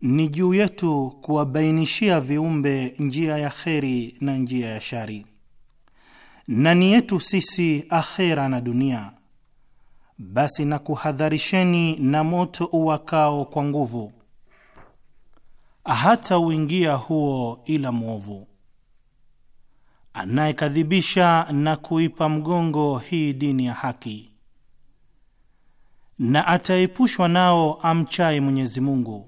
ni juu yetu kuwabainishia viumbe njia ya kheri na njia ya shari, na ni yetu sisi akhera na dunia. Basi na kuhadharisheni na moto uwakao kwa nguvu, hata uingia huo ila mwovu anayekadhibisha na kuipa mgongo hii dini ya haki, na ataepushwa nao amchaye Mwenyezi Mungu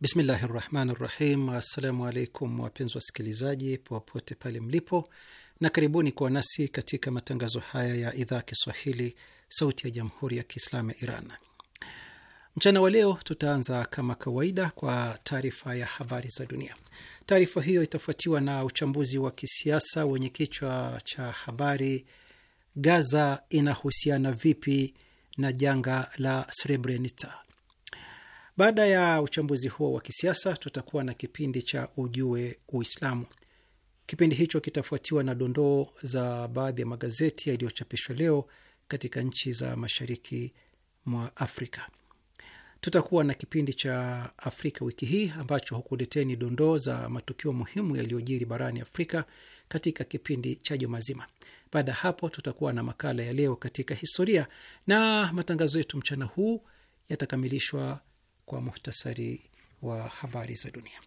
Bismillahi rahmani rahim. Assalamu alaikum wapenzi wasikilizaji popote pale mlipo, na karibuni kuwa nasi katika matangazo haya ya idhaa Kiswahili sauti ya jamhuri ya Kiislamu ya Iran. Mchana wa leo tutaanza kama kawaida kwa taarifa ya habari za dunia. Taarifa hiyo itafuatiwa na uchambuzi wa kisiasa wenye kichwa cha habari, Gaza inahusiana vipi na janga la Srebrenica. Baada ya uchambuzi huo wa kisiasa, tutakuwa na kipindi cha Ujue Uislamu. Kipindi hicho kitafuatiwa na dondoo za baadhi ya magazeti yaliyochapishwa leo katika nchi za mashariki mwa Afrika. Tutakuwa na kipindi cha Afrika wiki hii ambacho hukuleteni dondoo za matukio muhimu yaliyojiri barani Afrika katika kipindi cha juma zima. Baada ya hapo, tutakuwa na makala ya leo katika historia, na matangazo yetu mchana huu yatakamilishwa kwa muhtasari wa habari za dunia.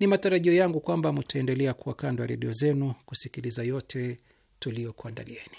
Ni matarajio yangu kwamba mtaendelea kuwa kando ya redio zenu kusikiliza yote tuliyokuandalieni.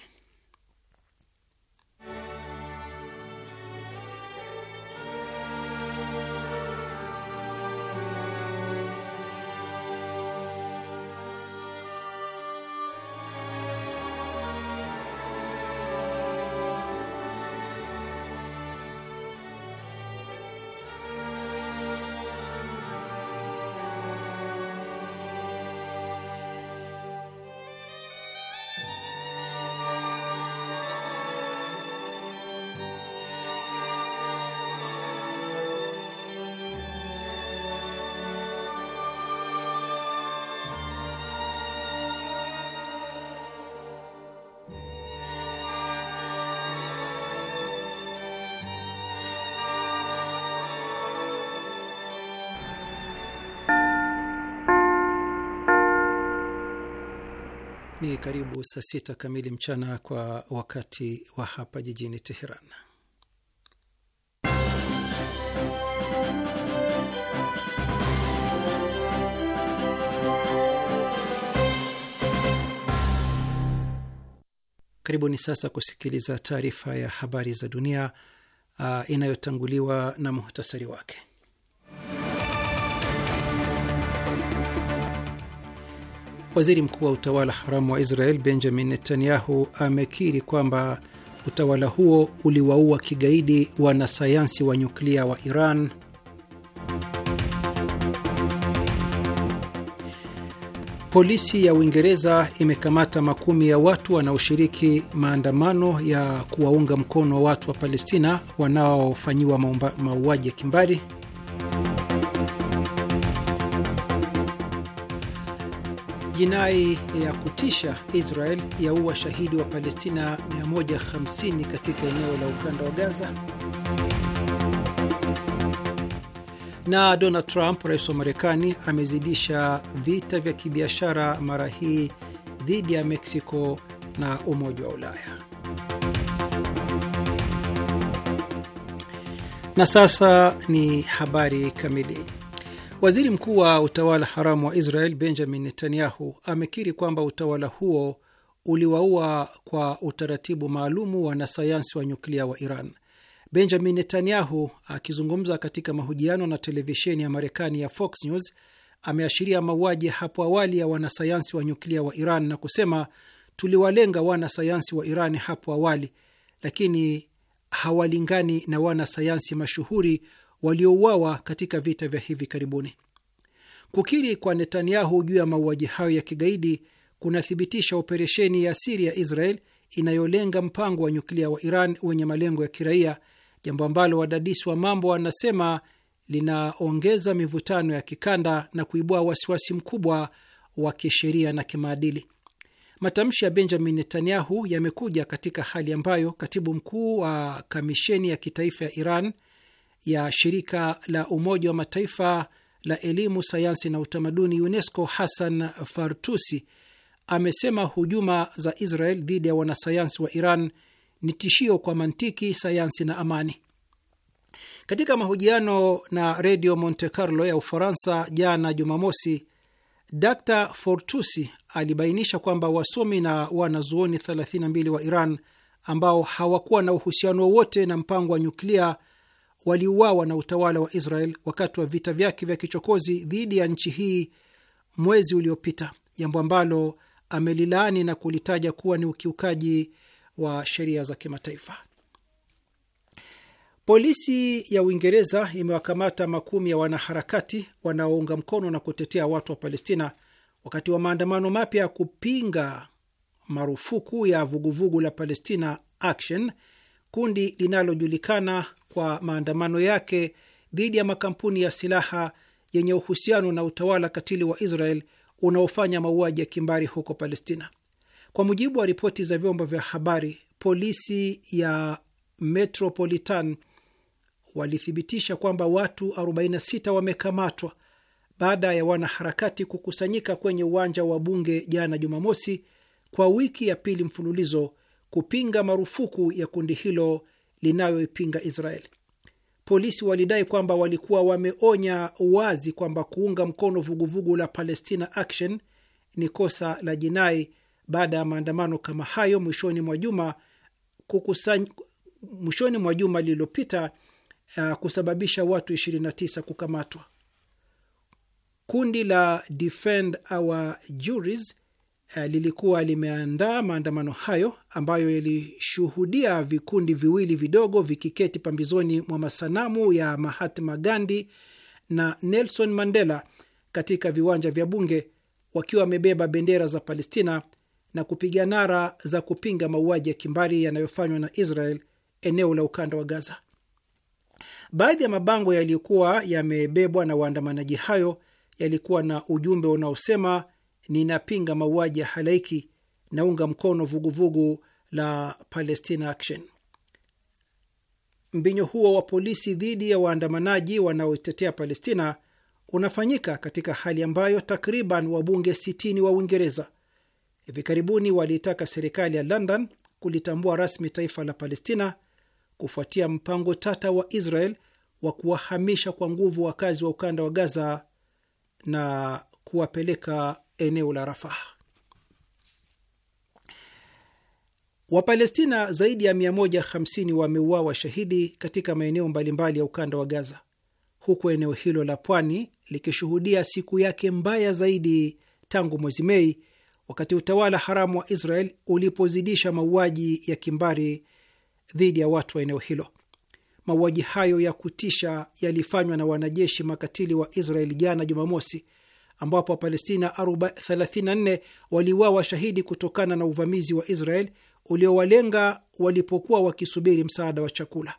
Ni karibu saa sita kamili mchana kwa wakati wa hapa jijini Teheran. Karibuni sasa kusikiliza taarifa ya habari za dunia uh, inayotanguliwa na muhtasari wake. Waziri mkuu wa utawala haramu wa Israel Benjamin Netanyahu amekiri kwamba utawala huo uliwaua kigaidi wanasayansi wa nyuklia wa Iran. Polisi ya Uingereza imekamata makumi ya watu wanaoshiriki maandamano ya kuwaunga mkono watu wa Palestina wanaofanyiwa mauaji ya kimbari. jinai ya kutisha Israel yaua shahidi wa Palestina 150 katika eneo la ukanda wa Gaza. Na Donald Trump, rais wa Marekani, amezidisha vita vya kibiashara mara hii dhidi ya Meksiko na Umoja wa Ulaya. Na sasa ni habari kamili. Waziri mkuu wa utawala haramu wa Israel Benjamin Netanyahu amekiri kwamba utawala huo uliwaua kwa utaratibu maalumu wanasayansi wa nyuklia wa Iran. Benjamin Netanyahu akizungumza katika mahojiano na televisheni ya Marekani ya Fox News ameashiria mauaji hapo awali ya wanasayansi wa nyuklia wa Iran na kusema, tuliwalenga wanasayansi wa Iran hapo awali, lakini hawalingani na wanasayansi mashuhuri waliouawa katika vita vya hivi karibuni. Kukiri kwa Netanyahu juu ya mauaji hayo ya kigaidi kunathibitisha operesheni ya siri ya Israel inayolenga mpango wa nyuklia wa Iran wenye malengo ya kiraia, jambo ambalo wadadisi wa mambo wanasema linaongeza mivutano ya kikanda na kuibua wasiwasi mkubwa wa kisheria na kimaadili. Matamshi ya Benjamin Netanyahu yamekuja katika hali ambayo katibu mkuu wa kamisheni ya kitaifa ya Iran ya shirika la Umoja wa Mataifa la elimu, sayansi na utamaduni UNESCO, Hassan Fartusi amesema hujuma za Israel dhidi ya wanasayansi wa Iran ni tishio kwa mantiki, sayansi na amani. Katika mahojiano na redio Monte Carlo ya Ufaransa jana Jumamosi, Dr Fortusi alibainisha kwamba wasomi na wanazuoni 32 wa Iran ambao hawakuwa na uhusiano wowote na mpango wa nyuklia waliuawa na utawala wa Israel wakati wa vita vyake vya kichokozi dhidi ya nchi hii mwezi uliopita, jambo ambalo amelilaani na kulitaja kuwa ni ukiukaji wa sheria za kimataifa. Polisi ya Uingereza imewakamata makumi ya wanaharakati wanaounga mkono na kutetea watu wa Palestina wakati wa maandamano mapya ya kupinga marufuku ya vuguvugu la Palestina Action, kundi linalojulikana kwa maandamano yake dhidi ya makampuni ya silaha yenye uhusiano na utawala katili wa Israel unaofanya mauaji ya kimbari huko Palestina. Kwa mujibu wa ripoti za vyombo vya habari, polisi ya Metropolitan walithibitisha kwamba watu 46 wamekamatwa baada ya wanaharakati kukusanyika kwenye uwanja wa bunge jana Jumamosi, kwa wiki ya pili mfululizo kupinga marufuku ya kundi hilo linayoipinga Israeli. Polisi walidai kwamba walikuwa wameonya wazi kwamba kuunga mkono vuguvugu la Palestina Action ni kosa la jinai baada ya maandamano kama hayo mwishoni mwa juma mwishoni mwa juma lililopita uh, kusababisha watu 29 kukamatwa. Kundi la Defend Our Juries Eh, lilikuwa limeandaa maandamano hayo ambayo yalishuhudia vikundi viwili vidogo vikiketi pambizoni mwa masanamu ya Mahatma Gandhi na Nelson Mandela katika viwanja vya bunge wakiwa wamebeba bendera za Palestina na kupiga nara za kupinga mauaji ya kimbari yanayofanywa na Israel eneo la ukanda wa Gaza. Baadhi ya mabango yaliyokuwa yamebebwa na waandamanaji hayo yalikuwa na ujumbe unaosema ninapinga mauaji ya halaiki, naunga mkono vuguvugu vugu la Palestina Action. Mbinyo huo wa polisi dhidi ya waandamanaji wanaotetea Palestina unafanyika katika hali ambayo takriban wabunge 60 wa Uingereza hivi karibuni waliitaka serikali ya London kulitambua rasmi taifa la Palestina kufuatia mpango tata wa Israel wa kuwahamisha kwa nguvu wakazi wa ukanda wa Gaza na kuwapeleka eneo la Rafah. Wapalestina zaidi ya 150 wameuawa shahidi katika maeneo mbalimbali ya ukanda wa Gaza, huku eneo hilo la pwani likishuhudia siku yake mbaya zaidi tangu mwezi Mei, wakati utawala haramu wa Israel ulipozidisha mauaji ya kimbari dhidi ya watu wa eneo hilo. Mauaji hayo ya kutisha yalifanywa na wanajeshi makatili wa Israel jana Jumamosi ambapo Wapalestina 34 waliuawa shahidi kutokana na uvamizi wa Israel uliowalenga walipokuwa wakisubiri msaada wa chakula.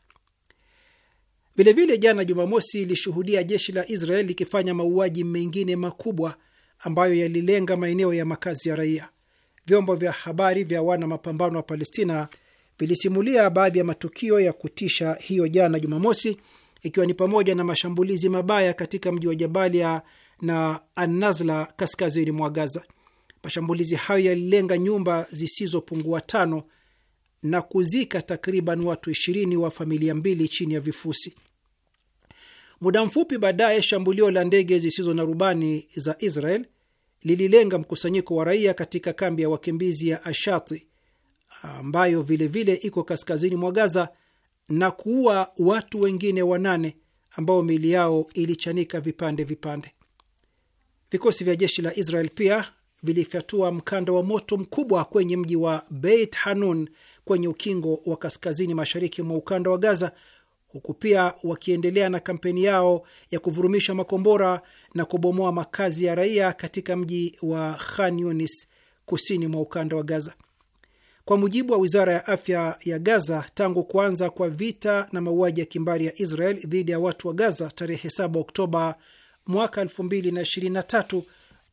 Vilevile jana Jumamosi ilishuhudia jeshi la Israel likifanya mauaji mengine makubwa ambayo yalilenga maeneo ya makazi ya raia. Vyombo vya habari vya wana mapambano wa Palestina vilisimulia baadhi ya matukio ya kutisha hiyo jana Jumamosi, ikiwa ni pamoja na mashambulizi mabaya katika mji wa Jabalia na Anazla kaskazini mwa Gaza. Mashambulizi hayo yalilenga nyumba zisizopungua tano na kuzika takriban watu ishirini wa familia mbili chini ya vifusi. Muda mfupi baadaye, shambulio la ndege zisizo na rubani za Israel lililenga mkusanyiko wa raia katika kambi ya wakimbizi ya Ashati ambayo vilevile vile iko kaskazini mwa Gaza na kuua watu wengine wanane ambao miili yao ilichanika vipande vipande. Vikosi vya jeshi la Israel pia vilifyatua mkanda wa moto mkubwa kwenye mji wa Beit Hanun kwenye ukingo wa kaskazini mashariki mwa ukanda wa Gaza, huku pia wakiendelea na kampeni yao ya kuvurumisha makombora na kubomoa makazi ya raia katika mji wa Khan Yunis kusini mwa ukanda wa Gaza. Kwa mujibu wa wizara ya afya ya Gaza, tangu kuanza kwa vita na mauaji ya kimbari ya Israel dhidi ya watu wa Gaza tarehe 7 Oktoba mwaka 2023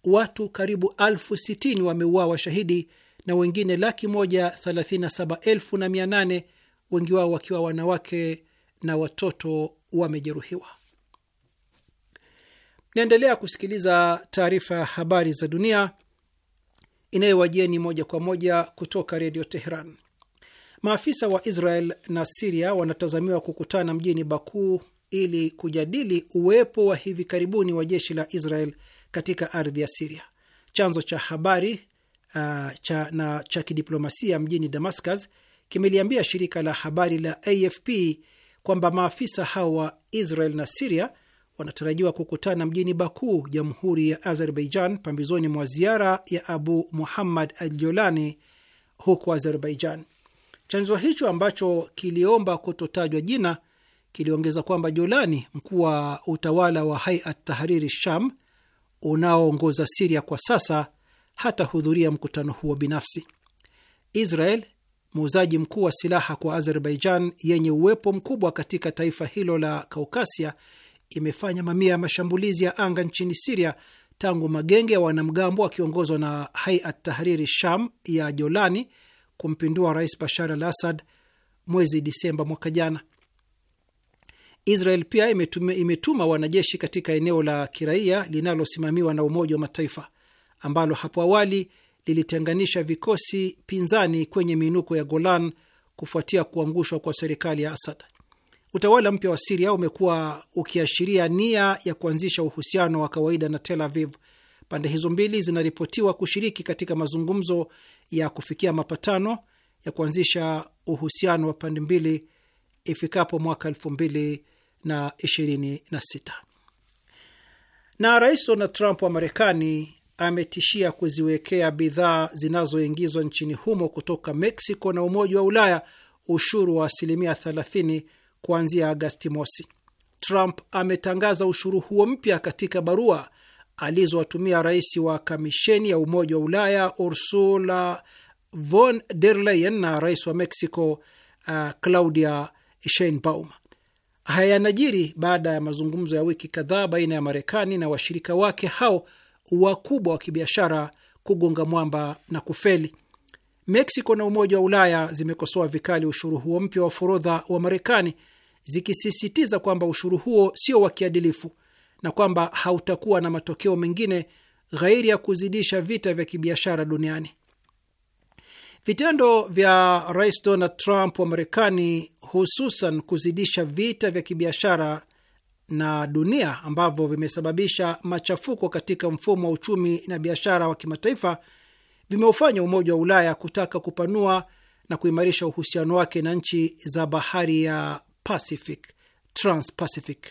watu karibu elfu sitini wameuawa shahidi na wengine laki moja thelathini na saba elfu na mia nane wengi wao wakiwa wanawake na watoto wamejeruhiwa. Naendelea kusikiliza taarifa ya habari za dunia inayowajieni moja kwa moja kutoka redio Teheran. Maafisa wa Israel na Siria wanatazamiwa kukutana mjini Bakuu ili kujadili uwepo wa hivi karibuni wa jeshi la Israel katika ardhi ya Siria. Chanzo cha habari uh, cha, na cha kidiplomasia mjini Damascus kimeliambia shirika la habari la AFP kwamba maafisa hao wa Israel na Siria wanatarajiwa kukutana mjini Baku, jamhuri ya Azerbaijan, pambizoni mwa ziara ya Abu Muhammad al Jolani huko Azerbaijan. Chanzo hicho ambacho kiliomba kutotajwa jina kiliongeza kwamba Jolani, mkuu wa utawala wa Haiat Tahariri Sham unaoongoza Siria kwa sasa, hatahudhuria mkutano huo binafsi. Israel, muuzaji mkuu wa silaha kwa Azerbaijan yenye uwepo mkubwa katika taifa hilo la Kaukasia, imefanya mamia ya mashambulizi ya anga nchini Siria tangu magenge ya wanamgambo wakiongozwa na Haiat Tahariri Sham ya Jolani kumpindua Rais Bashar al Assad mwezi Disemba mwaka jana. Israel pia imetuma, imetuma wanajeshi katika eneo la kiraia linalosimamiwa na Umoja wa Mataifa ambalo hapo awali lilitenganisha vikosi pinzani kwenye miinuko ya Golan kufuatia kuangushwa kwa serikali ya Asad. Utawala mpya wa Siria umekuwa ukiashiria nia ya kuanzisha uhusiano wa kawaida na Tel Aviv. Pande hizo mbili zinaripotiwa kushiriki katika mazungumzo ya kufikia mapatano ya kuanzisha uhusiano wa pande mbili ifikapo mwaka elfu mbili na 26. Na Rais Donald Trump wa Marekani ametishia kuziwekea bidhaa zinazoingizwa nchini humo kutoka Meksiko na Umoja wa Ulaya ushuru wa asilimia 30 kuanzia Agasti mosi. Trump ametangaza ushuru huo mpya katika barua alizowatumia rais wa kamisheni ya Umoja wa Ulaya Ursula von der Leyen na rais wa Mexico uh, Claudia Sheinbaum. Haya yanajiri baada ya mazungumzo ya wiki kadhaa baina ya Marekani na washirika wake hao wakubwa wa kibiashara kugonga mwamba na kufeli. Meksiko na Umoja wa Ulaya zimekosoa vikali ushuru huo mpya wa forodha wa Marekani, zikisisitiza kwamba ushuru huo sio wa kiadilifu na kwamba hautakuwa na matokeo mengine ghairi ya kuzidisha vita vya kibiashara duniani. Vitendo vya Rais Donald Trump wa Marekani, hususan kuzidisha vita vya kibiashara na dunia ambavyo vimesababisha machafuko katika mfumo wa uchumi na biashara wa kimataifa, vimeufanya Umoja wa Ulaya kutaka kupanua na kuimarisha uhusiano wake na nchi za bahari ya Pacific, Transpacific.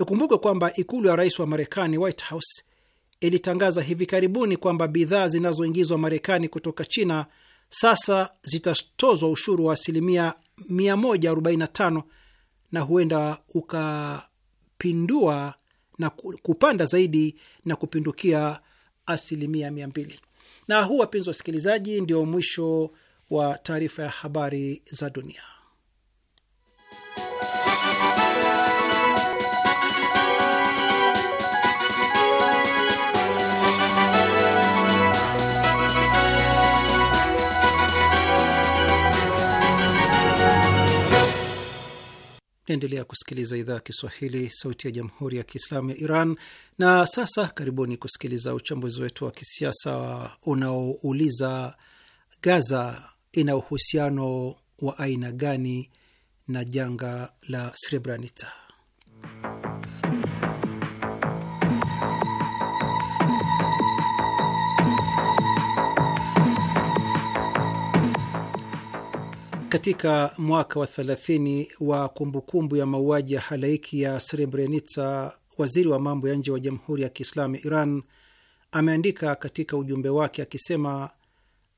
Ikumbuke kwamba ikulu ya rais wa Marekani, White House, ilitangaza hivi karibuni kwamba bidhaa zinazoingizwa Marekani kutoka China sasa zitatozwa ushuru wa asilimia 145 na huenda ukapindua na kupanda zaidi na kupindukia asilimia 200. Na huu, wapenzi wasikilizaji, ndio mwisho wa taarifa ya habari za dunia. Naendelea kusikiliza idhaa ya Kiswahili, sauti ya jamhuri ya kiislamu ya Iran. Na sasa karibuni kusikiliza uchambuzi wetu wa kisiasa unaouliza Gaza ina uhusiano wa aina gani na janga la Srebrenica? katika mwaka wa 30 wa kumbukumbu ya mauaji ya halaiki ya Srebrenica, waziri wa mambo ya nje wa Jamhuri ya Kiislamu Iran ameandika katika ujumbe wake akisema,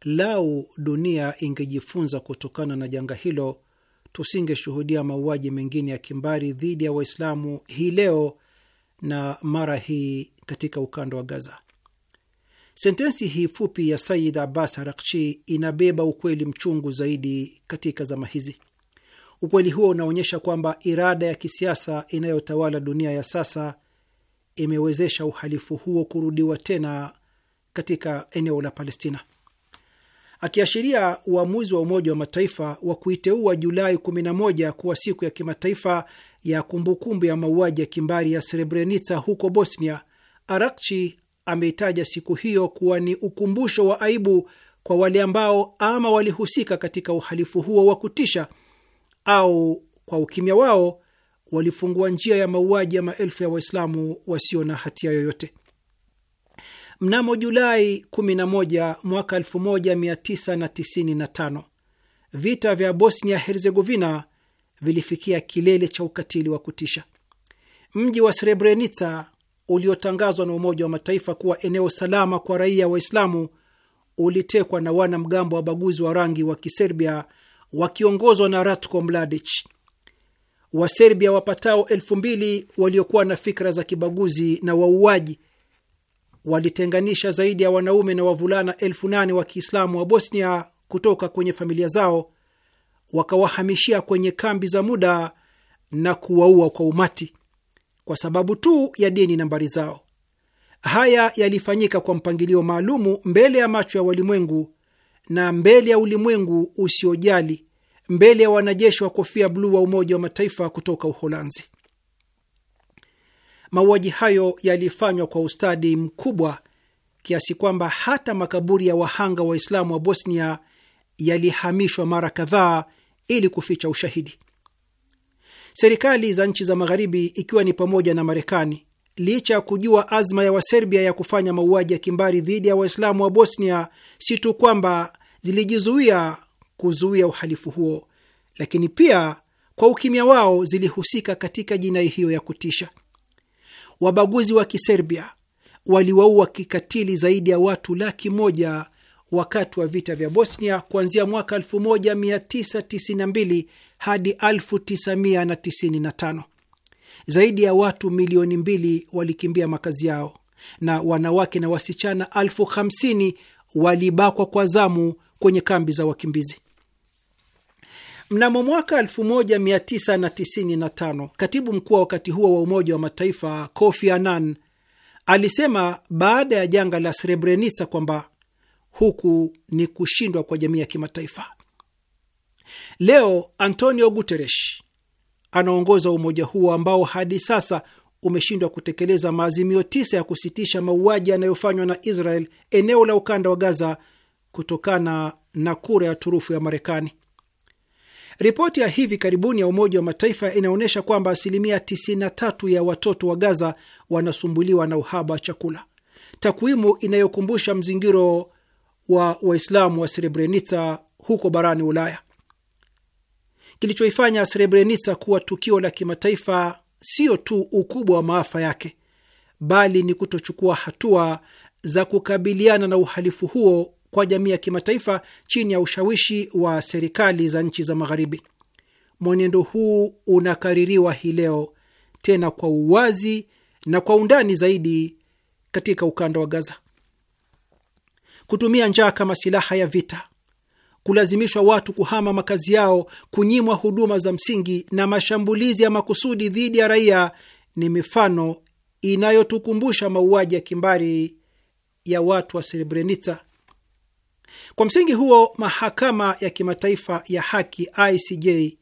lau dunia ingejifunza kutokana na janga hilo, tusingeshuhudia mauaji mengine ya kimbari dhidi ya Waislamu hii leo na mara hii katika ukanda wa Gaza. Sentensi hii fupi ya Sayid Abbas Arakchi inabeba ukweli mchungu zaidi katika zama hizi. Ukweli huo unaonyesha kwamba irada ya kisiasa inayotawala dunia ya sasa imewezesha uhalifu huo kurudiwa tena katika eneo la Palestina. Akiashiria uamuzi wa Umoja wa Mataifa wa kuiteua Julai 11 kuwa siku ya kimataifa ya kumbukumbu ya mauaji ya kimbari ya Srebrenica huko Bosnia, Arakchi ameitaja siku hiyo kuwa ni ukumbusho wa aibu kwa wale ambao ama walihusika katika uhalifu huo wa kutisha au kwa ukimya wao walifungua njia ya mauaji ya maelfu ya Waislamu wasio na hatia yoyote. Mnamo Julai 11 mwaka 1995 vita vya Bosnia Herzegovina vilifikia kilele cha ukatili wa kutisha. Mji wa Srebrenica uliotangazwa na Umoja wa Mataifa kuwa eneo salama kwa raia Waislamu ulitekwa na wanamgambo wa baguzi wa rangi wa Kiserbia wakiongozwa na Ratko Mladic. Waserbia wapatao elfu mbili waliokuwa na fikra za kibaguzi na wauaji walitenganisha zaidi ya wanaume na wavulana elfu nane wa Kiislamu wa Bosnia kutoka kwenye familia zao, wakawahamishia kwenye kambi za muda na kuwaua kwa umati kwa sababu tu ya dini nambari zao. Haya yalifanyika kwa mpangilio maalumu mbele ya macho ya walimwengu na mbele ya ulimwengu usiojali, mbele ya wanajeshi wa kofia bluu wa Umoja wa Mataifa kutoka Uholanzi. Mauaji hayo yalifanywa kwa ustadi mkubwa kiasi kwamba hata makaburi ya wahanga Waislamu wa Bosnia yalihamishwa mara kadhaa ili kuficha ushahidi. Serikali za nchi za Magharibi, ikiwa ni pamoja na Marekani, licha ya kujua azma ya Waserbia ya kufanya mauaji ya kimbari dhidi ya Waislamu wa Bosnia, si tu kwamba zilijizuia kuzuia uhalifu huo, lakini pia kwa ukimya wao zilihusika katika jinai hiyo ya kutisha. Wabaguzi wa Kiserbia waliwaua kikatili zaidi ya watu laki moja wakati wa vita vya Bosnia kuanzia mwaka 1992 hadi 1995. Zaidi ya watu milioni mbili walikimbia makazi yao na wanawake na wasichana elfu hamsini walibakwa kwa zamu kwenye kambi za wakimbizi. Mnamo mwaka 1995 katibu mkuu wa wakati huo wa Umoja wa Mataifa Kofi Annan alisema baada ya janga la Srebrenica kwamba huku ni kushindwa kwa jamii ya kimataifa. Leo Antonio Guterres anaongoza umoja huo ambao hadi sasa umeshindwa kutekeleza maazimio tisa ya kusitisha mauaji yanayofanywa na Israel eneo la ukanda wa Gaza kutokana na kura ya turufu ya Marekani. Ripoti ya hivi karibuni ya Umoja wa Mataifa inaonyesha kwamba asilimia 93 ya watoto wa Gaza wanasumbuliwa na uhaba wa chakula, takwimu inayokumbusha mzingiro wa Waislamu wa Srebrenica huko barani Ulaya kilichoifanya Srebrenica kuwa tukio la kimataifa sio tu ukubwa wa maafa yake, bali ni kutochukua hatua za kukabiliana na uhalifu huo kwa jamii ya kimataifa chini ya ushawishi wa serikali za nchi za Magharibi. Mwenendo huu unakaririwa hii leo tena kwa uwazi na kwa undani zaidi katika ukanda wa Gaza. Kutumia njaa kama silaha ya vita, kulazimishwa watu kuhama makazi yao, kunyimwa huduma za msingi na mashambulizi ya makusudi dhidi ya raia ni mifano inayotukumbusha mauaji ya kimbari ya watu wa Srebrenica. Kwa msingi huo, mahakama ya kimataifa ya haki ICJ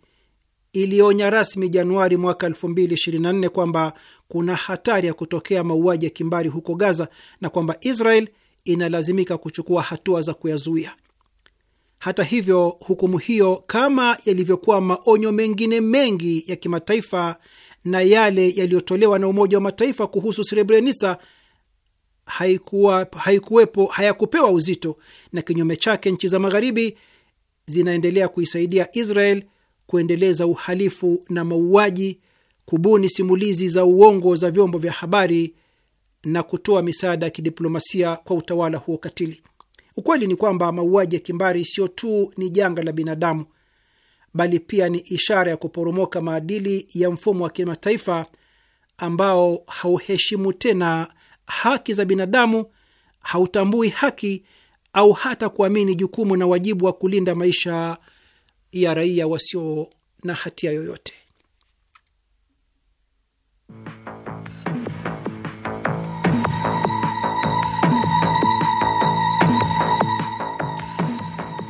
ilionya rasmi Januari mwaka 2024 kwamba kuna hatari ya kutokea mauaji ya kimbari huko Gaza na kwamba Israel inalazimika kuchukua hatua za kuyazuia. Hata hivyo, hukumu hiyo, kama yalivyokuwa maonyo mengine mengi ya kimataifa na yale yaliyotolewa na Umoja wa Mataifa kuhusu Srebrenica, haikuwa haikuwepo, hayakupewa uzito, na kinyume chake, nchi za Magharibi zinaendelea kuisaidia Israel kuendeleza uhalifu na mauaji, kubuni simulizi za uongo za vyombo vya habari na kutoa misaada ya kidiplomasia kwa utawala huo katili. Ukweli ni kwamba mauaji ya kimbari sio tu ni janga la binadamu, bali pia ni ishara ya kuporomoka maadili ya mfumo wa kimataifa ambao hauheshimu tena haki za binadamu, hautambui haki au hata kuamini jukumu na wajibu wa kulinda maisha ya raia wasio na hatia yoyote.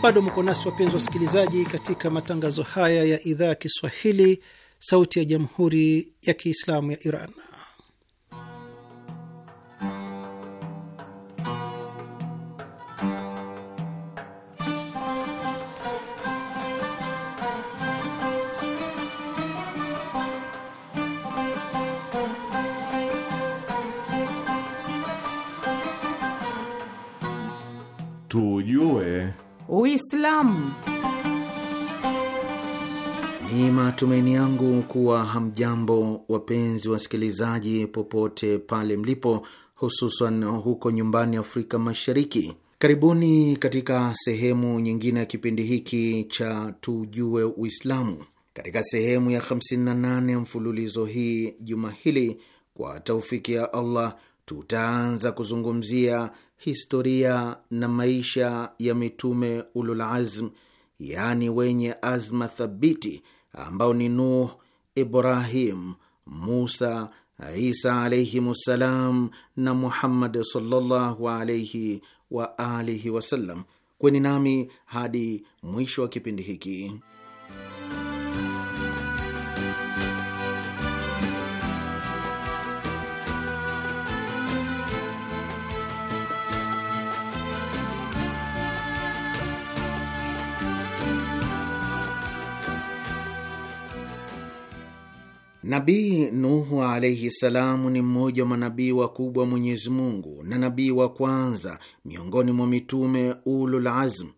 Bado mko nasi wapenzi wasikilizaji, katika matangazo haya ya idhaa ya Kiswahili, Sauti ya Jamhuri ya Kiislamu ya Iran. Uislamu. Ni matumaini yangu kuwa hamjambo, wapenzi wasikilizaji, popote pale mlipo, hususan huko nyumbani Afrika Mashariki. Karibuni katika sehemu nyingine ya kipindi hiki cha Tujue Uislamu, katika sehemu ya 58 ya mfululizo hii. Juma hili kwa taufiki ya Allah tutaanza kuzungumzia historia na maisha ya mitume ululazm, yaani wenye azma thabiti, ambao ni Nuh, Ibrahim, Musa, Isa alaihim ssalam na Muhammad sallallahu alaihi wa alihi wasallam. Kweni nami hadi mwisho wa kipindi hiki. Nabii Nuhu alaihi salamu ni mmoja wa manabii wakubwa wa Mwenyezi Mungu na nabii wa kwanza miongoni mwa mitume ulul azm,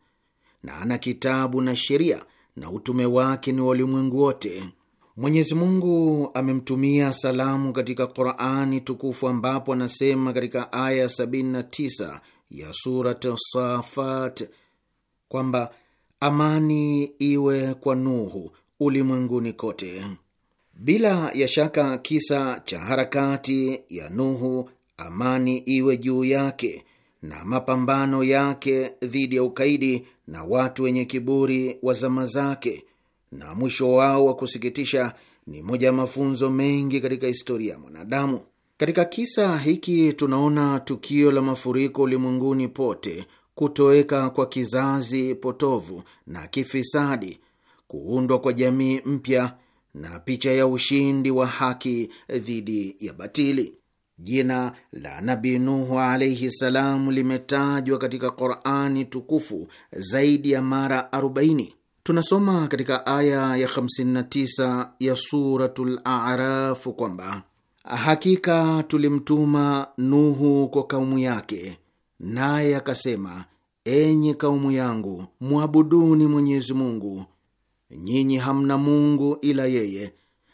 na ana kitabu na sheria na utume wake ni wa ulimwengu wote. Mwenyezi Mungu amemtumia salamu katika Qurani tukufu ambapo anasema katika aya 79 ya Surat Safat kwamba amani iwe kwa Nuhu ulimwenguni kote. Bila ya shaka kisa cha harakati ya Nuhu, amani iwe juu yake, na mapambano yake dhidi ya ukaidi na watu wenye kiburi wa zama zake na mwisho wao wa kusikitisha ni moja ya mafunzo mengi katika historia ya mwanadamu. Katika kisa hiki tunaona tukio la mafuriko ulimwenguni pote, kutoweka kwa kizazi potovu na kifisadi, kuundwa kwa jamii mpya na picha ya ushindi wa haki dhidi ya batili. Jina la Nabi Nuhu alaihi salamu limetajwa katika Qurani tukufu zaidi ya mara 40. Tunasoma katika aya ya 59 ya Suratul Arafu kwamba hakika tulimtuma Nuhu kwa kaumu yake, naye akasema, enyi kaumu yangu, mwabuduni Mwenyezi Mungu nyinyi hamna Mungu ila yeye,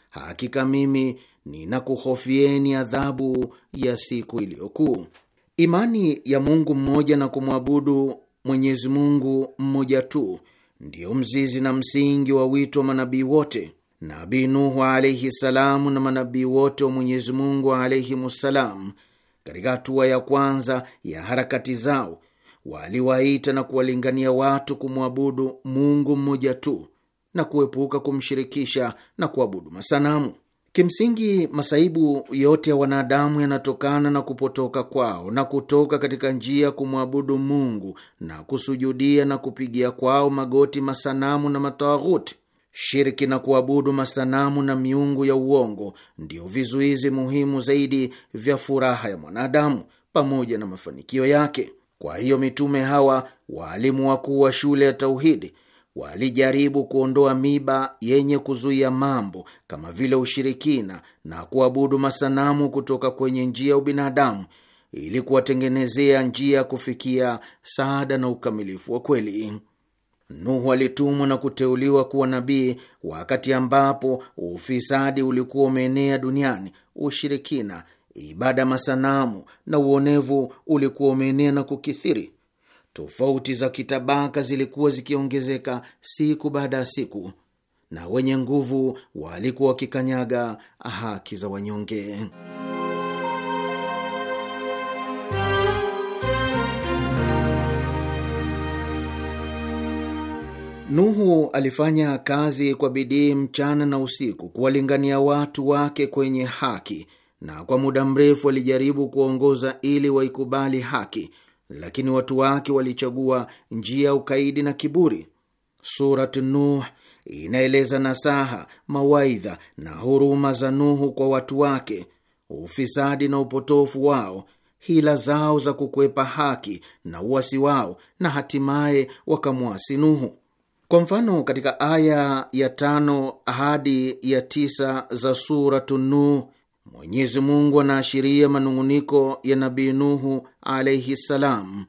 hakika mimi ninakuhofieni adhabu ya siku iliyokuu. Imani ya Mungu mmoja na kumwabudu Mwenyezi Mungu mmoja tu ndiyo mzizi na msingi wa wito wa manabii wote. Nabii Nuhu alaihi salamu na manabii wote wa Mwenyezi Mungu alaihimussalam, katika hatua ya kwanza ya harakati zao, waliwaita na kuwalingania watu kumwabudu Mungu mmoja tu na kuepuka kumshirikisha na kuabudu masanamu. Kimsingi, masaibu yote ya wanadamu yanatokana na kupotoka kwao na kutoka katika njia ya kumwabudu Mungu na kusujudia na kupigia kwao magoti masanamu na matawaguti. Shirki na kuabudu masanamu na miungu ya uongo ndio vizuizi muhimu zaidi vya furaha ya mwanadamu pamoja na mafanikio yake. Kwa hiyo mitume hawa, waalimu wakuu wa shule ya tauhidi walijaribu kuondoa miba yenye kuzuia mambo kama vile ushirikina na kuabudu masanamu kutoka kwenye njia ya ubinadamu ili kuwatengenezea njia ya kufikia saada na ukamilifu wa kweli. Nuhu alitumwa na kuteuliwa kuwa nabii wakati ambapo ufisadi ulikuwa umeenea duniani. Ushirikina, ibada masanamu na uonevu ulikuwa umeenea na kukithiri. Tofauti za kitabaka zilikuwa zikiongezeka siku baada ya siku, na wenye nguvu walikuwa wakikanyaga haki za wanyonge. Nuhu alifanya kazi kwa bidii mchana na usiku kuwalingania watu wake kwenye haki, na kwa muda mrefu alijaribu kuwaongoza ili waikubali haki lakini watu wake walichagua njia ya ukaidi na kiburi. Surat Nuh inaeleza nasaha, mawaidha na huruma za Nuhu kwa watu wake, ufisadi na upotofu wao, hila zao za kukwepa haki na uasi wao, na hatimaye wakamwasi Nuhu. Kwa mfano, katika aya ya tano hadi ya tisa za Suratu Nuh Mwenyezi Mungu anaashiria manung'uniko ya Nabii Nuhu alaihi ssalam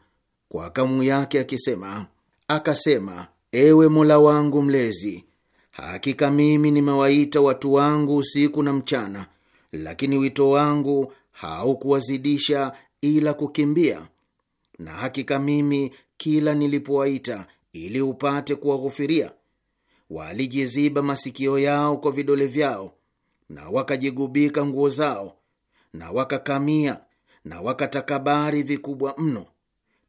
kwa kamu yake akisema, akasema: ewe Mola wangu Mlezi, hakika mimi nimewaita watu wangu usiku na mchana, lakini wito wangu haukuwazidisha ila kukimbia, na hakika mimi kila nilipowaita ili upate kuwaghufiria, walijiziba masikio yao kwa vidole vyao na wakajigubika nguo zao na wakakamia na wakatakabari vikubwa mno.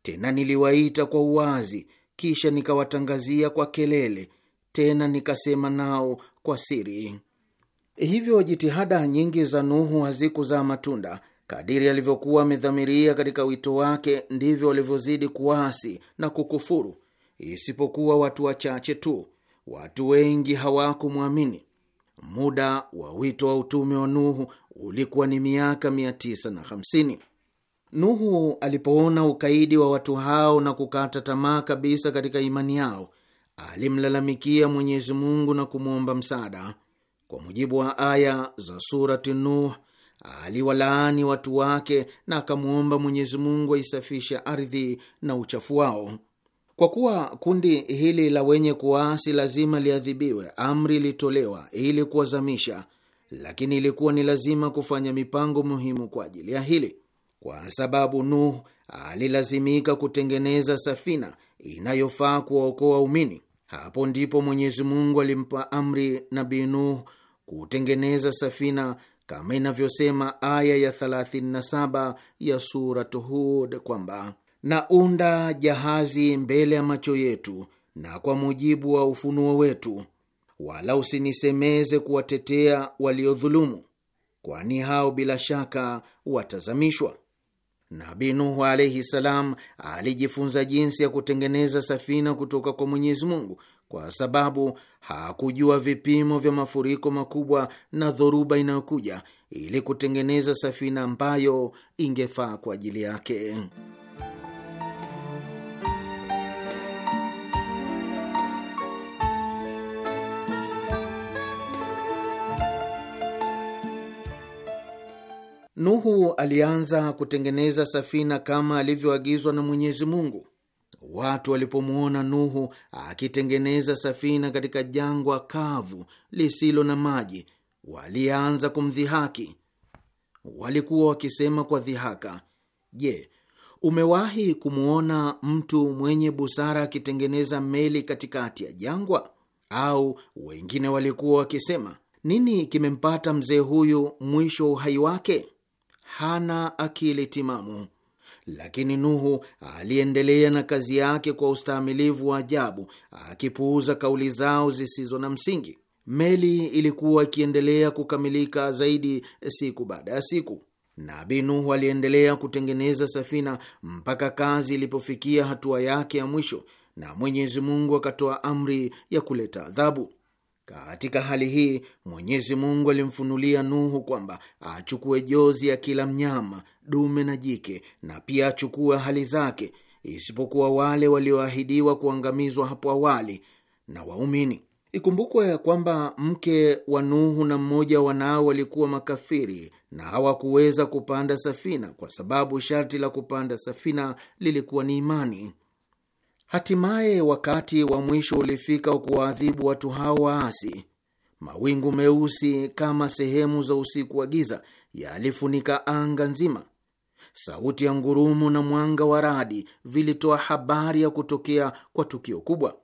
Tena niliwaita kwa uwazi, kisha nikawatangazia kwa kelele, tena nikasema nao kwa siri. Hivyo jitihada nyingi za Nuhu hazikuzaa matunda. Kadiri alivyokuwa amedhamiria katika wito wake, ndivyo walivyozidi kuasi na kukufuru, isipokuwa watu wachache tu. Watu wengi hawakumwamini Muda wa wito wa utume wa Nuhu ulikuwa ni miaka 950. Nuhu alipoona ukaidi wa watu hao na kukata tamaa kabisa katika imani yao, alimlalamikia Mwenyezi Mungu na kumwomba msaada. Kwa mujibu wa aya za surati Nuh, aliwalaani watu wake na akamwomba Mwenyezi Mungu aisafishe ardhi na uchafu wao. Kwa kuwa kundi hili la wenye kuwaasi lazima liadhibiwe, amri ilitolewa ili kuwazamisha, lakini ilikuwa ni lazima kufanya mipango muhimu kwa ajili ya hili, kwa sababu Nuh alilazimika kutengeneza safina inayofaa kuwaokoa umini. Hapo ndipo Mwenyezi Mungu alimpa amri nabi Nuh kutengeneza safina kama inavyosema aya ya 37 ya Suratu Hud kwamba na unda jahazi mbele ya macho yetu na kwa mujibu wa ufunuo wetu, wala usinisemeze kuwatetea waliodhulumu, kwani hao bila shaka watazamishwa. nabi Nuhu alaihi salam alijifunza jinsi ya kutengeneza safina kutoka kwa Mwenyezi Mungu kwa sababu hakujua vipimo vya mafuriko makubwa na dhoruba inayokuja ili kutengeneza safina ambayo ingefaa kwa ajili yake. Nuhu alianza kutengeneza safina kama alivyoagizwa na Mwenyezi Mungu. Watu walipomwona Nuhu akitengeneza safina katika jangwa kavu lisilo na maji, walianza kumdhihaki. Walikuwa wakisema kwa dhihaka, je, umewahi kumwona mtu mwenye busara akitengeneza meli katikati ya jangwa? Au wengine walikuwa wakisema, nini kimempata mzee huyu mwisho uhai wake? hana akili timamu. Lakini Nuhu aliendelea na kazi yake kwa ustaamilivu wa ajabu, akipuuza kauli zao zisizo na msingi. Meli ilikuwa ikiendelea kukamilika zaidi siku baada ya siku. Nabii Nuhu aliendelea kutengeneza safina mpaka kazi ilipofikia hatua yake ya mwisho, na Mwenyezi Mungu akatoa amri ya kuleta adhabu. Katika hali hii Mwenyezi Mungu alimfunulia Nuhu kwamba achukue jozi ya kila mnyama dume na jike, na pia achukue hali zake, isipokuwa wale walioahidiwa kuangamizwa hapo awali na waumini. Ikumbukwe ya kwamba mke wa Nuhu na mmoja wanao walikuwa makafiri na hawakuweza kupanda safina, kwa sababu sharti la kupanda safina lilikuwa ni imani. Hatimaye wakati wa mwisho ulifika wa kuwaadhibu watu hao waasi. Mawingu meusi kama sehemu za usiku wa giza yalifunika anga nzima. Sauti ya ngurumo na mwanga wa radi vilitoa habari ya kutokea kwa tukio kubwa.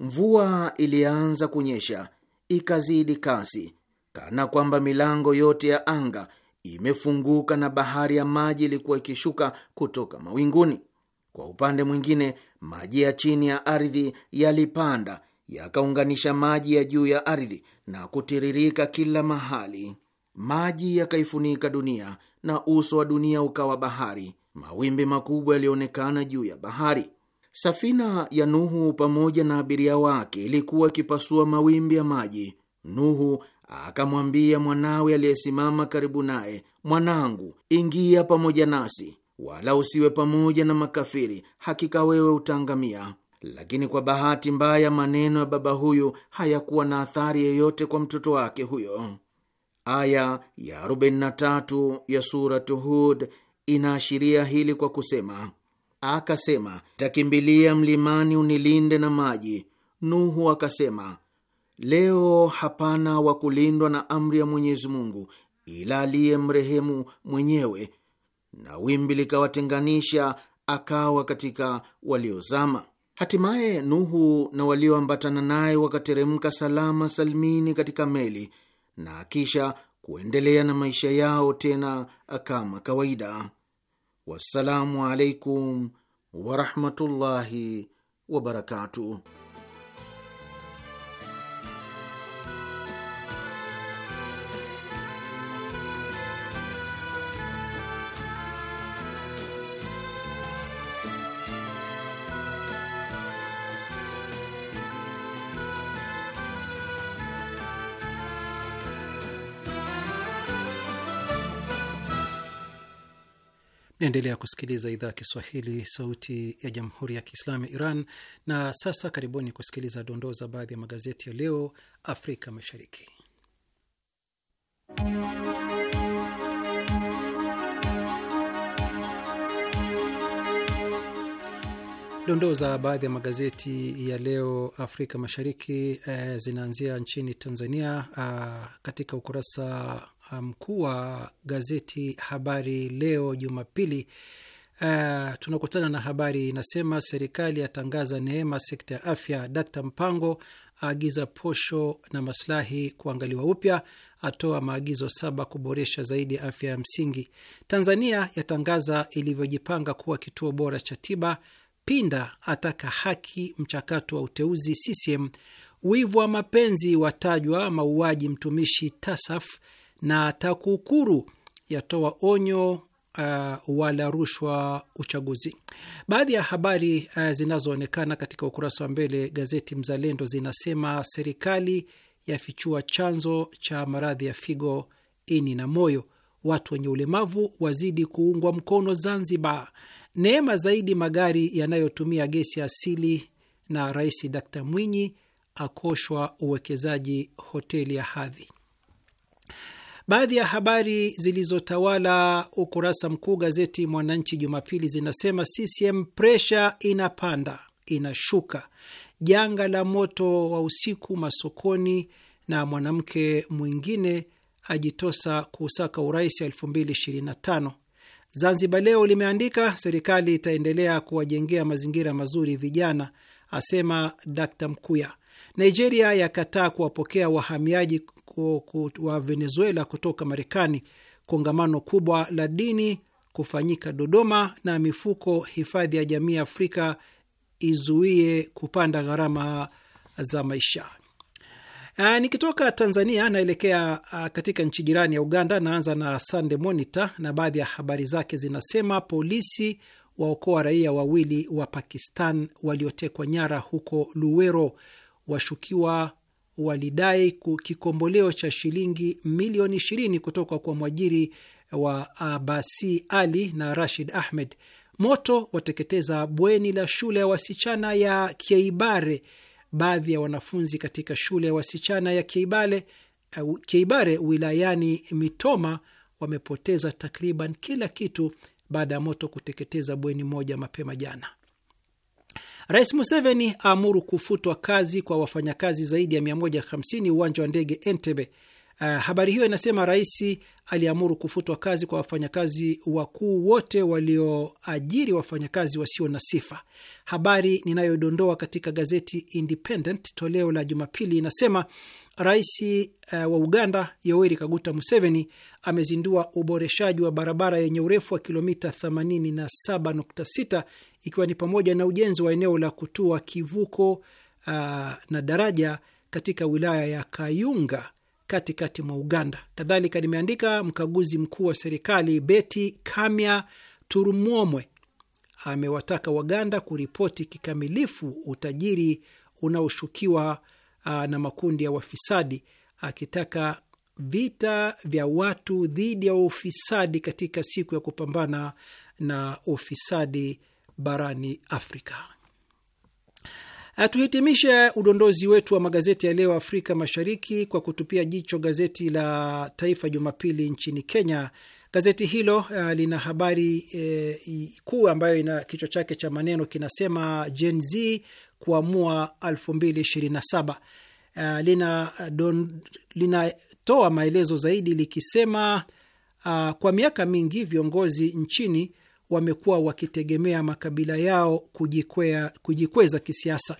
Mvua ilianza kunyesha, ikazidi kasi, kana kwamba milango yote ya anga imefunguka na bahari ya maji ilikuwa ikishuka kutoka mawinguni. Kwa upande mwingine maji ya chini ya ardhi yalipanda yakaunganisha maji ya juu ya ardhi na kutiririka kila mahali. Maji yakaifunika dunia na uso wa dunia ukawa bahari. Mawimbi makubwa yalionekana juu ya bahari. Safina ya Nuhu pamoja na abiria wake ilikuwa ikipasua mawimbi ya maji. Nuhu akamwambia mwanawe aliyesimama karibu naye, mwanangu, ingia pamoja nasi wala usiwe pamoja na makafiri, hakika wewe utaangamia. Lakini kwa bahati mbaya, maneno ya baba huyu hayakuwa na athari yoyote kwa mtoto wake huyo. Aya ya 43 ya Surat Hud inaashiria hili kwa kusema, akasema takimbilia mlimani unilinde na maji. Nuhu akasema leo hapana wa kulindwa na amri ya Mwenyezi Mungu ila aliye mrehemu mwenyewe na wimbi likawatenganisha, akawa katika waliozama. Hatimaye Nuhu na walioambatana naye wakateremka salama salmini katika meli na kisha kuendelea na maisha yao tena kama kawaida. Wassalamu alaikum warahmatullahi wabarakatuh. Naendelea kusikiliza idhaa ya Kiswahili, sauti ya jamhuri ya kiislamu ya Iran. Na sasa karibuni kusikiliza dondoo za baadhi ya magazeti ya leo Afrika Mashariki. Dondoo za baadhi ya magazeti ya leo Afrika Mashariki eh, zinaanzia nchini Tanzania ah, katika ukurasa mkuu wa gazeti Habari Leo Jumapili, uh, tunakutana na habari inasema: serikali yatangaza neema sekta ya afya, Dkt Mpango aagiza posho na maslahi kuangaliwa upya, atoa maagizo saba kuboresha zaidi afya ya msingi. Tanzania yatangaza ilivyojipanga kuwa kituo bora cha tiba. Pinda ataka haki mchakato wa uteuzi CCM. Wivu wa mapenzi watajwa mauaji mtumishi TASAF na TAKUKURU yatoa onyo uh, wala rushwa uchaguzi. Baadhi ya habari uh, zinazoonekana katika ukurasa wa mbele gazeti Mzalendo zinasema serikali yafichua chanzo cha maradhi ya figo, ini na moyo, watu wenye ulemavu wazidi kuungwa mkono Zanzibar, neema zaidi magari yanayotumia gesi asili, na Rais Dkt Mwinyi akoshwa uwekezaji hoteli ya hadhi. Baadhi ya habari zilizotawala ukurasa mkuu gazeti Mwananchi Jumapili zinasema CCM presha inapanda inashuka, janga la moto wa usiku masokoni, na mwanamke mwingine ajitosa kuusaka urais 2025. Zanzibar Leo limeandika serikali itaendelea kuwajengea mazingira mazuri vijana, asema Dkt Mkuya. Nigeria yakataa kuwapokea wahamiaji wa Venezuela kutoka Marekani, kongamano kubwa la dini kufanyika Dodoma, na mifuko hifadhi ya jamii ya Afrika izuie kupanda gharama za maisha. Uh, nikitoka Tanzania naelekea uh, katika nchi jirani ya Uganda. Naanza na Sunday Monitor na baadhi ya habari zake zinasema polisi waokoa raia wawili wa Pakistan waliotekwa nyara huko Luwero. Washukiwa walidai kikomboleo cha shilingi milioni 20 kutoka kwa mwajiri wa Abasi Ali na Rashid Ahmed. Moto wateketeza bweni la shule ya wasichana ya Kieibare. Baadhi ya wanafunzi katika shule ya wasichana ya Kieibare, Kieibare wilayani Mitoma wamepoteza takriban kila kitu baada ya moto kuteketeza bweni moja mapema jana. Rais Museveni aamuru kufutwa kazi kwa wafanyakazi zaidi ya 150 uwanja wa ndege Entebbe Eh, habari hiyo inasema rais aliamuru kufutwa kazi kwa wafanyakazi wakuu wote walioajiri wafanyakazi wasio na sifa. Habari ninayodondoa katika gazeti Independent toleo la Jumapili inasema rais uh, wa Uganda Yoweri Kaguta Museveni amezindua uboreshaji wa barabara yenye urefu wa kilomita 87.6 ikiwa ni pamoja na ujenzi wa eneo la kutua kivuko uh, na daraja katika wilaya ya Kayunga katikati mwa Uganda. Kadhalika limeandika mkaguzi mkuu wa serikali Beti Kamya Turumwomwe amewataka Waganda kuripoti kikamilifu utajiri unaoshukiwa uh, na makundi ya wafisadi, akitaka vita vya watu dhidi ya ufisadi katika siku ya kupambana na ufisadi barani Afrika. Tuhitimishe udondozi wetu wa magazeti ya leo Afrika Mashariki kwa kutupia jicho gazeti la Taifa Jumapili nchini Kenya. Gazeti hilo uh, lina habari eh, kuu ambayo ina kichwa chake cha maneno kinasema Gen Z kuamua 2027. Uh, lina don, linatoa maelezo zaidi likisema uh, kwa miaka mingi viongozi nchini wamekuwa wakitegemea makabila yao kujikwea, kujikweza kisiasa.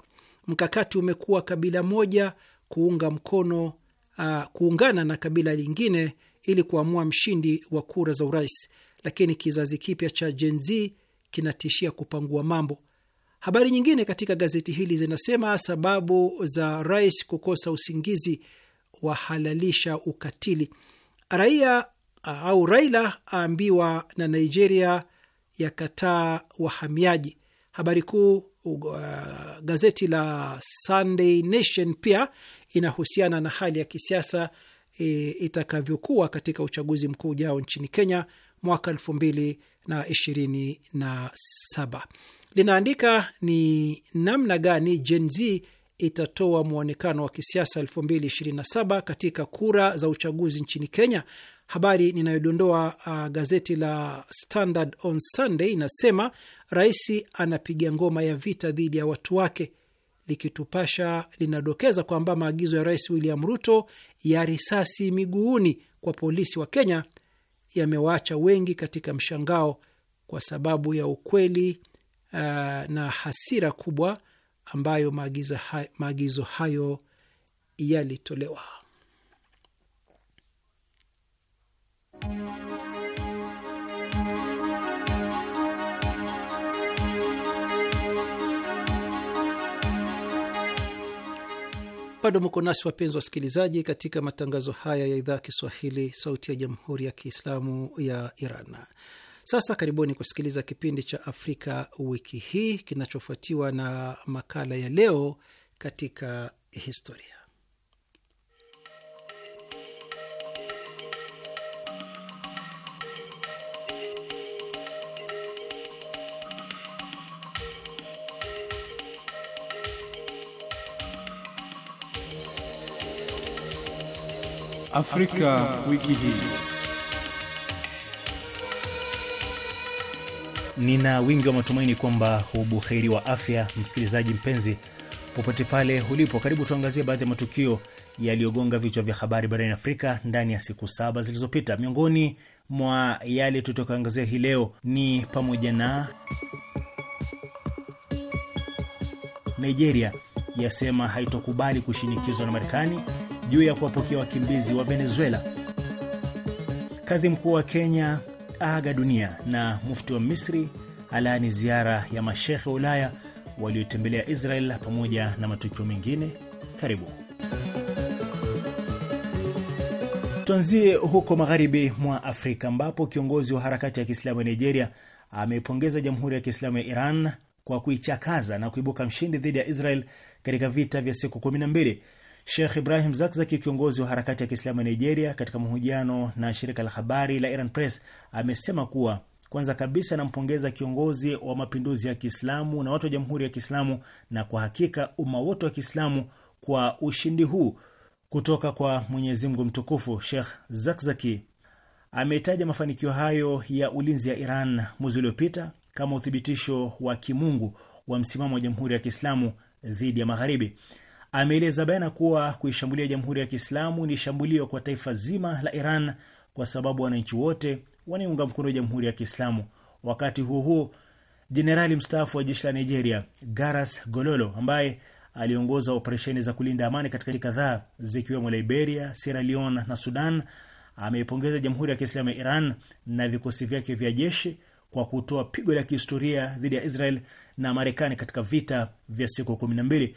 Mkakati umekuwa kabila moja kuunga mkono uh, kuungana na kabila lingine ili kuamua mshindi wa kura za urais, lakini kizazi kipya cha Gen Z kinatishia kupangua mambo. Habari nyingine katika gazeti hili zinasema sababu za rais kukosa usingizi wahalalisha ukatili raia ah, au Raila aambiwa na Nigeria ya kataa wahamiaji. Habari kuu uh, gazeti la Sunday Nation pia inahusiana na hali ya kisiasa e, itakavyokuwa katika uchaguzi mkuu ujao nchini Kenya mwaka elfu mbili na ishirini na saba. Linaandika ni namna gani Gen Z itatoa mwonekano wa kisiasa 227 katika kura za uchaguzi nchini Kenya, Habari ninayodondoa uh, gazeti la Standard on Sunday inasema rais anapiga ngoma ya vita dhidi ya watu wake, likitupasha linadokeza kwamba maagizo ya Rais William Ruto ya risasi miguuni kwa polisi wa Kenya yamewaacha wengi katika mshangao kwa sababu ya ukweli uh, na hasira kubwa ambayo maagizo hayo yalitolewa. Bado mko nasi wapenzi wasikilizaji, katika matangazo haya ya idhaa ya Kiswahili, sauti ya jamhuri ya kiislamu ya Iran. Sasa karibuni kusikiliza kipindi cha Afrika wiki hii kinachofuatiwa na makala ya leo katika historia. Afrika, wiki hii. Nina wingi wa matumaini kwamba ubuheri wa afya, msikilizaji mpenzi, popote pale ulipo. Karibu tuangazie baadhi ya matukio yaliyogonga vichwa vya habari barani Afrika ndani ya siku saba zilizopita. Miongoni mwa yale tutakayoangazia hii leo ni pamoja na Nigeria yasema haitokubali kushinikizwa na Marekani juu ya kuwapokea wakimbizi wa Venezuela. Kadhi mkuu wa Kenya aga dunia na mufti wa Misri alaani ziara ya mashekhe wa Ulaya waliotembelea Israel, pamoja na matukio mengine. Karibu tuanzie huko magharibi mwa Afrika ambapo kiongozi wa harakati ya Kiislamu ya Nigeria ameipongeza Jamhuri ya Kiislamu ya Iran kwa kuichakaza na kuibuka mshindi dhidi ya Israel katika vita vya siku 12. Sheikh Ibrahim Zakzaki, kiongozi wa harakati ya Kiislamu ya Nigeria, katika mahojiano na shirika la habari la Iran Press amesema kuwa kwanza kabisa anampongeza kiongozi wa mapinduzi ya Kiislamu na watu wa Jamhuri ya Kiislamu na kwa hakika umma wote wa Kiislamu kwa ushindi huu kutoka kwa Mwenyezi Mungu mtukufu. Sheikh Zakzaki ametaja mafanikio hayo ya ulinzi ya Iran mwezi uliopita kama uthibitisho wa kimungu wa msimamo wa Jamhuri ya Kiislamu dhidi ya Magharibi ameeleza bayana kuwa kuishambulia Jamhuri ya Kiislamu ni shambulio kwa taifa zima la Iran kwa sababu wananchi wote wanaiunga mkono Jamhuri ya Kiislamu. Wakati huo huo, jenerali mstaafu wa jeshi la Nigeria Garas Gololo ambaye aliongoza operesheni za kulinda amani katika nchi kadhaa zikiwemo Liberia, Sierra Leone na Sudan ameipongeza Jamhuri ya Kiislamu ya Iran na vikosi vyake vya jeshi kwa kutoa pigo la kihistoria dhidi ya Israel na Marekani katika vita vya siku mbili.